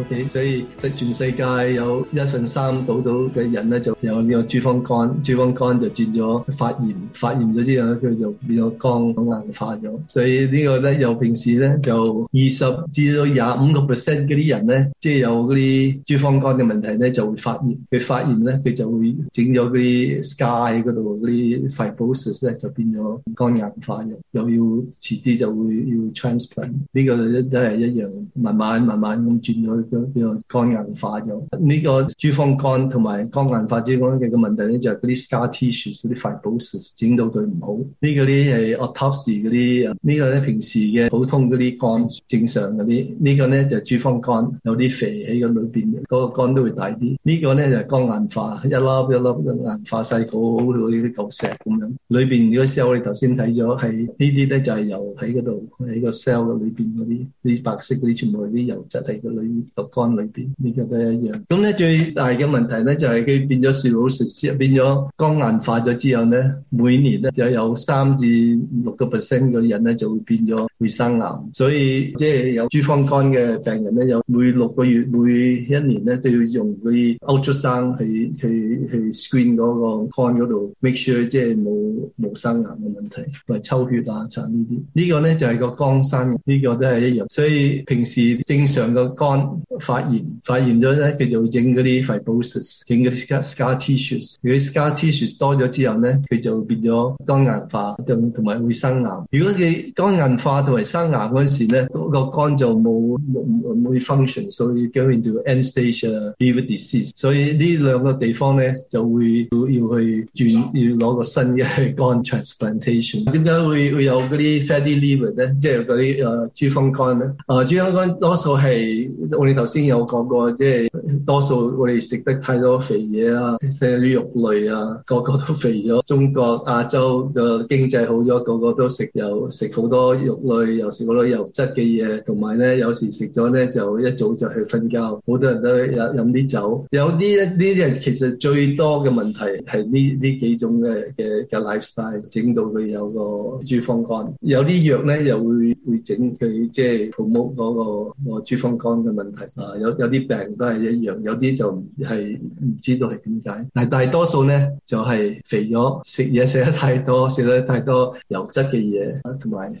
Okay, 所以即係全世界有一份三到到嘅人咧，就有呢個脂肪肝，脂肪肝就轉咗發炎，發炎咗之後佢就變咗肝硬化咗。所以個呢個咧，由平時咧就二十至到廿五個 percent 嗰啲人咧，即係有嗰啲脂肪肝嘅問題咧，就會發炎。佢發炎咧，佢就會整咗嗰啲 scar 嗰度，嗰啲 fibrosis 咧就變咗肝硬化咗，又要遲啲就會要 transplant。呢、呢個一都係一樣，慢慢慢慢咁轉咗。叫肝硬化咗，呢、這個脂肪肝同埋肝硬化之類嘅個問題咧、這個這個這個，就係嗰啲 scar tissue 嗰啲 fibrosis 整到佢唔好。呢個啲係 autopsy 嗰啲，呢個咧平時嘅普通嗰啲肝正常嗰啲，呢個咧就脂肪肝有啲肥喺個裏邊，嗰個肝都會大啲。這個、呢個咧就是、肝硬化，一粒一粒，一粒，一粒硬化細好好似啲舊石咁樣。裏邊如果 cell 我哋頭先睇咗係呢啲咧就係、是、油喺嗰度喺個 cell 嘅裏邊嗰啲，啲白色嗰啲全部係啲油質喺個裏。肝裏邊呢個都一樣，咁咧最大嘅問題咧就係、是、佢變咗衰老、食蝕，變咗肝硬化咗之後咧，每年咧就有三至六個 percent 嘅人咧就會變咗會生癌，所以即係、就是、有脂肪肝嘅病人咧，有每六個月、每一年咧都要用嗰啲 u l 生去去去 screen 嗰個肝嗰度，make sure 即係冇冇生癌嘅問題，同埋抽血啊、查、這個、呢啲，呢個咧就係、是、個肝生，呢、這個都係一樣。所以平時正常嘅肝。發炎，發炎咗咧，佢就會影嗰啲 fibrosis，影嗰啲 scar tissues。如果 scar tissues 多咗之後咧，佢就變咗肝硬化同同埋會生癌。如果佢肝硬化同埋生癌嗰陣時咧，嗰個肝就冇冇冇 function，、so、into disease，所以 going to end stage liver disease。所以呢兩個地方咧就會要去轉要去轉要攞個新嘅肝 transplantation。點解會會有嗰啲 fatty liver 咧？即係嗰啲誒脂肪肝咧？誒脂肪肝多數係我哋。頭先有講過，即係多數我哋食得太多肥嘢啊，食啲肉類啊，個個都肥咗。中國亞洲嘅經濟好咗，個個都食又食好多肉類，又食好多油質嘅嘢，同埋咧有時食咗咧就一早就去瞓覺，好多人都飲飲啲酒。有啲呢，啲人其實最多嘅問題係呢呢幾種嘅嘅嘅 lifestyle 整到佢有個脂肪肝。有啲藥咧又會會整佢即係 promote 嗰個脂肪、那個、肝嘅問題。啊、uh，，有有啲病都係一樣，有啲就唔係唔知道係點解。但係大多數咧就係、是、肥咗，食嘢食得太多，食得太多油脂嘅嘢，同埋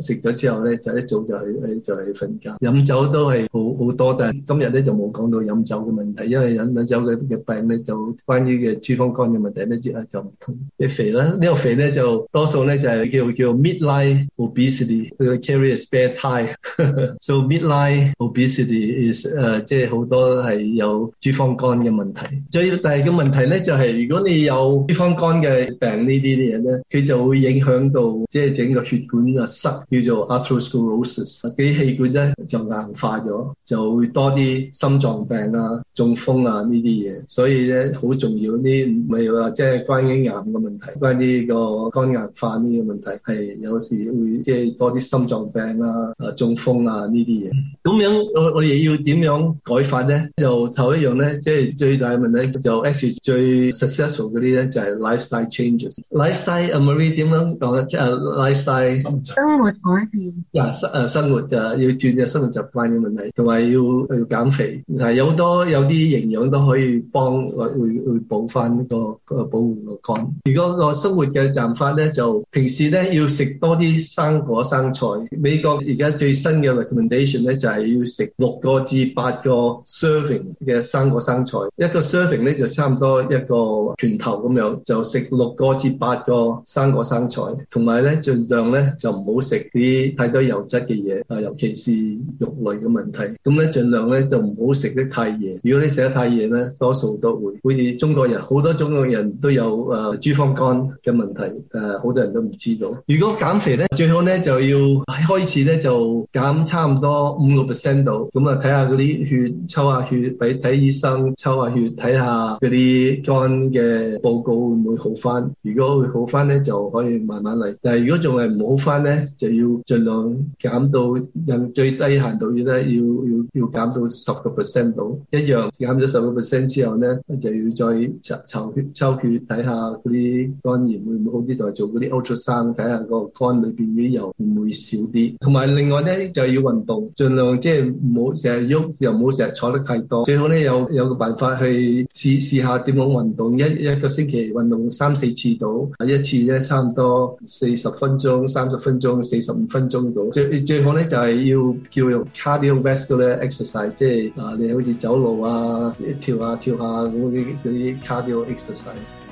食咗之後咧就一早就係就係瞓覺。飲酒都係好好多，但係今日咧就冇講到飲酒嘅問題，因為飲飲酒嘅嘅病咧就關於嘅脂肪肝嘅問題咧就唔同。啲肥咧呢個肥咧就多數咧就係、是、叫做叫 midline obesity，佢、so、carry a spare tire So midline obesity is 誒，即係好多係有脂肪肝嘅問題，所以但係個問題咧就係、是，如果你有脂肪肝嘅病呢啲嘢咧，佢就會影響到即係、就是、整個血管嘅塞，叫做 atherosclerosis、啊啲血管咧就硬化咗，就會多啲心臟病啊、中風啊呢啲嘢，所以咧好重要呢，唔係話即係關於癌嘅問題，關於個肝硬化呢個問題係有時會即係、就是、多啲心臟病啦、啊、啊中風啊呢啲嘢，咁樣我我哋要。點樣改法咧？就頭一樣咧，即係最大嘅問題就 actually 最 successful 嗰啲咧，就係 lifestyle changes。lifestyle 阿 Marie 點樣講啊？即係 lifestyle 生活改變。嗱，生誒生活就要轉嘅生活習慣嘅問題，同埋要要減肥。嗱，有好多有啲營養都可以幫會會補翻呢個保護個肝。如果個生活嘅習法咧，就平時咧要食多啲生果生菜。美國而家最新嘅 recommendation 咧，就係、是、要食六個至八個 serving 嘅生果生菜，一個 serving 咧就差唔多一個拳頭咁樣，就食六個至八個生果生菜，同埋咧盡量咧就唔好食啲太多油脂嘅嘢啊，尤其是肉類嘅問題，咁、嗯、咧盡量咧就唔好食得太夜。如果你食得太夜咧，多數都會，好似中國人，好多中國人都有誒脂、呃、肪肝嘅問題誒好、呃、多人都唔知道。如果減肥咧，最好咧就要開始咧就減差唔多五個 percent 度，咁啊睇下。嗰啲血抽下血俾睇醫生，抽下血睇下嗰啲肝嘅報告會唔會好返？如果會好返咧，就可以慢慢嚟。但係如果仲係唔好返咧，就要盡量減到用最低限度，要咧要要要減到十個 percent 度。一樣減咗十個 percent 之後咧，就要再抽抽血抽血睇下嗰啲肝炎會唔會好啲？就做嗰啲超聲睇下個肝裏邊啲油會唔會少啲？同埋另外咧就要運動，盡量即係唔好成喐又唔好成日坐得太多，最好咧有有個辦法去試試下點樣運動，一一個星期運動三四次到，一次咧差唔多四十分鐘、三十分鐘、四十五分鐘到。最最好咧就係、是、要叫用 cardiovascular exercise，即係啊，你好似走路啊、跳下跳下啲嗰啲 cardio exercise。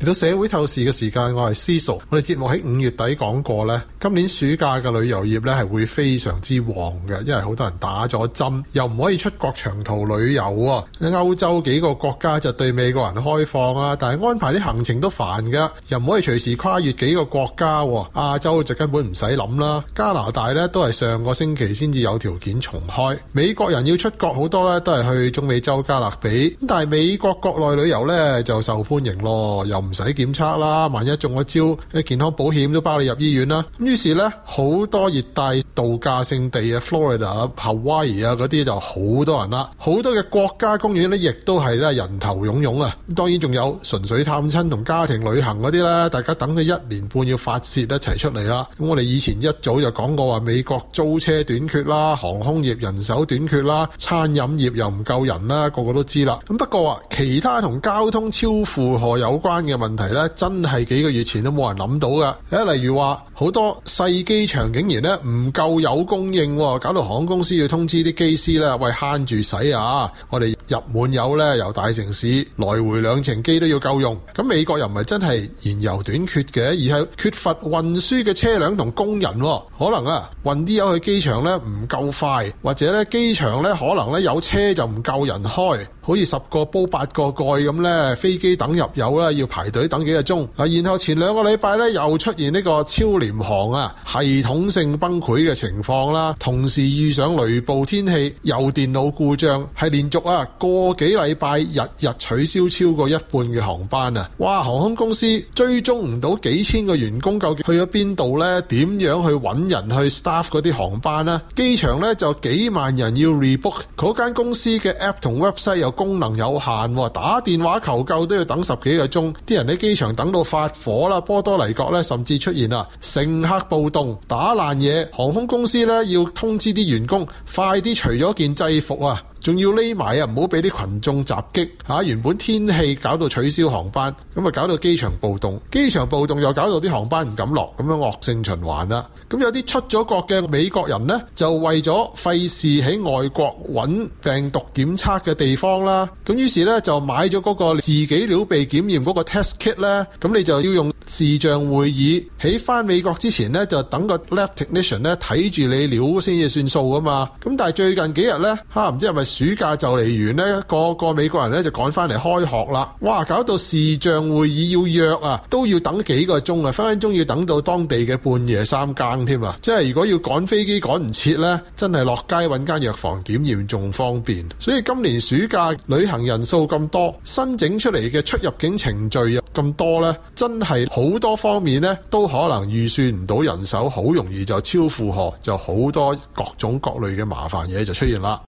嚟到社會透視嘅時間，我係思熟。我哋節目喺五月底講過呢今年暑假嘅旅遊業呢係會非常之旺嘅，因為好多人打咗針，又唔可以出國長途旅遊喎。歐洲幾個國家就對美國人開放啊，但係安排啲行程都煩噶，又唔可以隨時跨越幾個國家。亞洲就根本唔使諗啦。加拿大呢都係上個星期先至有條件重開，美國人要出國好多呢都係去中美洲加勒比，但係美國國內旅遊呢就受歡迎咯，又。唔使檢測啦，萬一中咗招，健康保險都包你入醫院啦。咁於是呢，好多熱帶度假勝地啊，Florida、Hawaii 啊嗰啲就好多人啦。好多嘅國家公園呢，亦都係咧人頭湧湧啊。當然仲有純粹探親同家庭旅行嗰啲啦，大家等咗一年半要發泄一齊出嚟啦。咁我哋以前一早就講過話，美國租車短缺啦，航空業人手短缺啦，餐飲業又唔夠人啦，個個都知啦。咁不過啊，其他同交通超負荷有關嘅。問題咧，真係幾個月前都冇人諗到㗎。誒，例如話好多細機場竟然咧唔夠有供應，搞到航空公司要通知啲機師咧，喂，慳住使啊！我哋。入滿油咧，由大城市來回兩程機都要夠用。咁美國又唔係真係燃油短缺嘅，而係缺乏運輸嘅車輛同工人。可能啊，運啲油去機場咧唔夠快，或者咧機場咧可能咧有車就唔夠人開，好似十個煲八個蓋咁咧。飛機等入油咧，要排隊等幾個鐘。嗱，然後前兩個禮拜咧又出現呢個超聯航啊系統性崩潰嘅情況啦，同時遇上雷暴天氣，又電腦故障，係連續啊！過幾禮拜日日取消超過一半嘅航班啊！哇，航空公司追蹤唔到幾千個員工究竟去咗邊度呢？點樣去揾人去 staff 嗰啲航班呢？機場呢就幾萬人要 rebook，嗰間公司嘅 app 同 website 又功能有限，打電話求救都要等十幾個鐘，啲人喺機場等到發火啦！波多黎各呢，甚至出現啊乘客暴動，打爛嘢，航空公司呢要通知啲員工快啲除咗件制服啊！仲要匿埋啊！唔好俾啲群眾襲擊嚇、啊。原本天氣搞到取消航班，咁啊搞到機場暴動，機場暴動又搞到啲航班唔敢落，咁樣惡性循環啦。咁有啲出咗國嘅美國人呢，就為咗費事喺外國揾病毒檢測嘅地方啦，咁於是呢，就買咗嗰個自己撩鼻檢驗嗰個 test kit 呢。咁你就要用。視像會議喺翻美國之前呢，就等個 lab technician 咧睇住你料先至算數噶嘛。咁但係最近幾日呢，吓、啊、唔知係咪暑假就嚟完呢？個個美國人呢就趕翻嚟開學啦。哇！搞到視像會議要約啊，都要等幾個鐘啊，分分鐘要等到當地嘅半夜三更添啊。即係如果要趕飛機趕唔切呢，真係落街揾間藥房檢驗仲方便。所以今年暑假旅行人數咁多，新整出嚟嘅出入境程序又咁多呢，真係。好多方面咧都可能預算唔到人手，好容易就超負荷，就好多各種各類嘅麻煩嘢就出現啦。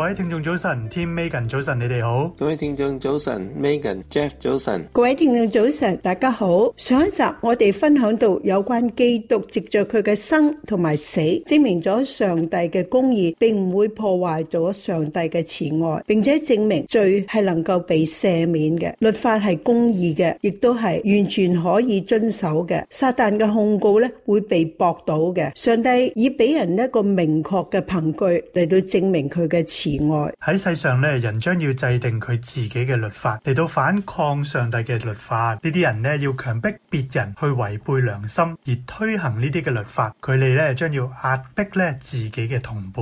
各位聽眾早晨，Tim Megan 早晨，你哋好。各位聽眾早晨，Megan Jeff 早晨。各位聽眾早晨，大家好。上一集我哋分享到有關基督藉著佢嘅生同埋死，證明咗上帝嘅公義，並唔會破壞咗上帝嘅慈愛，並且證明罪係能夠被赦免嘅，律法係公義嘅，亦都係完全可以遵守嘅。撒但嘅控告咧會被駁倒嘅。上帝已俾人一個明確嘅憑據嚟到證明佢嘅慈而外喺世上咧，人將要制定佢自己嘅律法嚟到反抗上帝嘅律法。呢啲人呢，要強迫別人去違背良心而推行呢啲嘅律法。佢哋咧將要壓迫咧自己嘅同伴。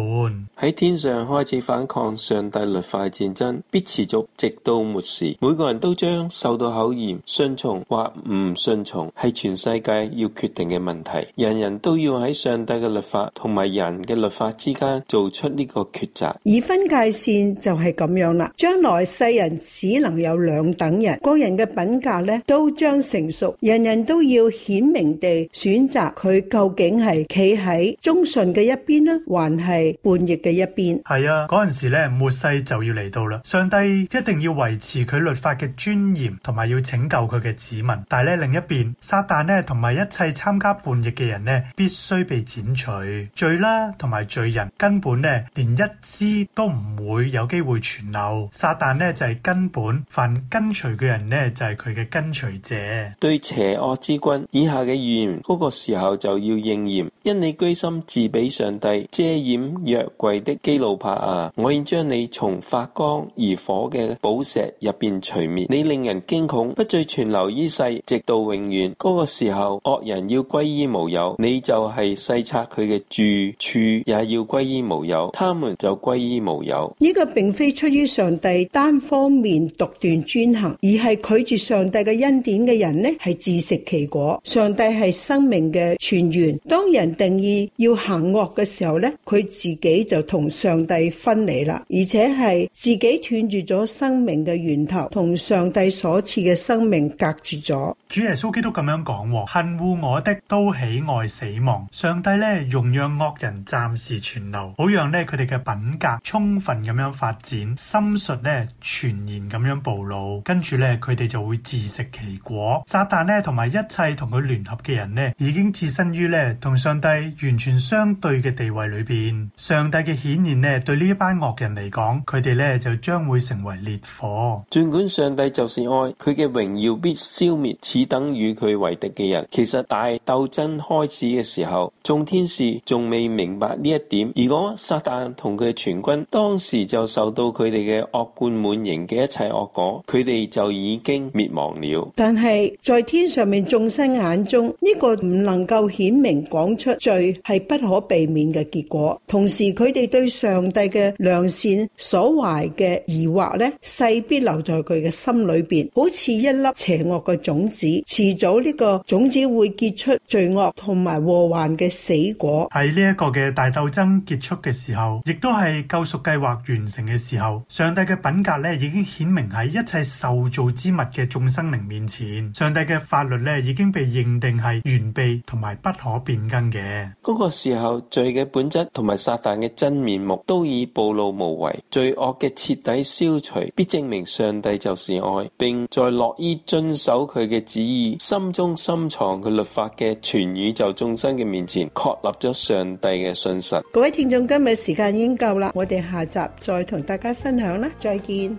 喺天上開始反抗上帝律法戰爭，必持續直到末時。每個人都將受到考驗，順從或唔順從係全世界要決定嘅問題。人人都要喺上帝嘅律法同埋人嘅律法之間做出呢個抉擇。分界線就係咁樣啦，將來世人只能有兩等人，個人嘅品格咧都將成熟，人人都要顯明地選擇佢究竟係企喺忠信嘅一邊呢，還係叛逆嘅一邊。係啊，嗰陣時咧末世就要嚟到啦，上帝一定要維持佢律法嘅尊嚴，同埋要拯救佢嘅子民。但係咧，另一邊撒旦呢，同埋一切參加叛逆嘅人呢，必須被剪除罪啦，同埋罪人根本呢，連一支都。唔會有機會存留，撒旦呢就係、是、根本，凡跟隨嘅人呢就係佢嘅跟隨者。對邪惡之君以下嘅預言，嗰、那個時候就要應驗。因你居心自比上帝，遮掩約櫃的基路伯啊，我已將你從發光而火嘅寶石入邊除滅。你令人驚恐，不再存留於世，直到永遠。嗰、那個時候惡人要歸依無有，你就係細察佢嘅住處，也要歸依無有，他們就歸依無呢個並非出於上帝單方面獨斷專行，而係拒絕上帝嘅恩典嘅人呢係自食其果。上帝係生命嘅泉源，當人定義要行惡嘅時候呢，佢自己就同上帝分離啦，而且係自己斷絕咗生命嘅源頭，同上帝所賜嘅生命隔絕咗。主耶穌基督咁樣講：恨惡我的都喜愛死亡。上帝呢容讓惡人暫時存留，好讓呢佢哋嘅品格。充分咁樣發展，心術呢，全然咁樣暴露，跟住呢，佢哋就會自食其果。撒旦呢，同埋一切同佢聯合嘅人呢，已經置身於呢同上帝完全相對嘅地位裏邊。上帝嘅顯現呢，對呢一班惡人嚟講，佢哋呢就將會成為烈火。儘管上帝就是愛，佢嘅榮耀必消滅，此等與佢為敵嘅人。其實大鬥爭開始嘅時候，眾天使仲未明白呢一點。如果撒旦同佢嘅全軍。當時就受到佢哋嘅惡貫滿盈嘅一切惡果，佢哋就已經滅亡了。但係在天上面眾生眼中，呢個唔能夠顯明講出罪係不可避免嘅結果。同時佢哋對上帝嘅良善所懷嘅疑惑呢，勢必留在佢嘅心裏邊，好似一粒邪惡嘅種子，遲早呢個種子會結出罪惡同埋禍患嘅死果。喺呢一個嘅大鬥爭結束嘅時候，亦都係救贖。計劃完成嘅時候，上帝嘅品格咧已經顯明喺一切受造之物嘅眾生靈面前，上帝嘅法律咧已經被認定係完備同埋不可變更嘅。嗰個時候，罪嘅本質同埋撒旦嘅真面目都已暴露無遺，罪惡嘅徹底消除必證明上帝就是愛，並在樂意遵守佢嘅旨意，心中深藏佢律法嘅全宇宙眾生嘅面前確立咗上帝嘅信實。各位聽眾，今日時間已經夠啦，我哋，下集再同大家分享啦，再見。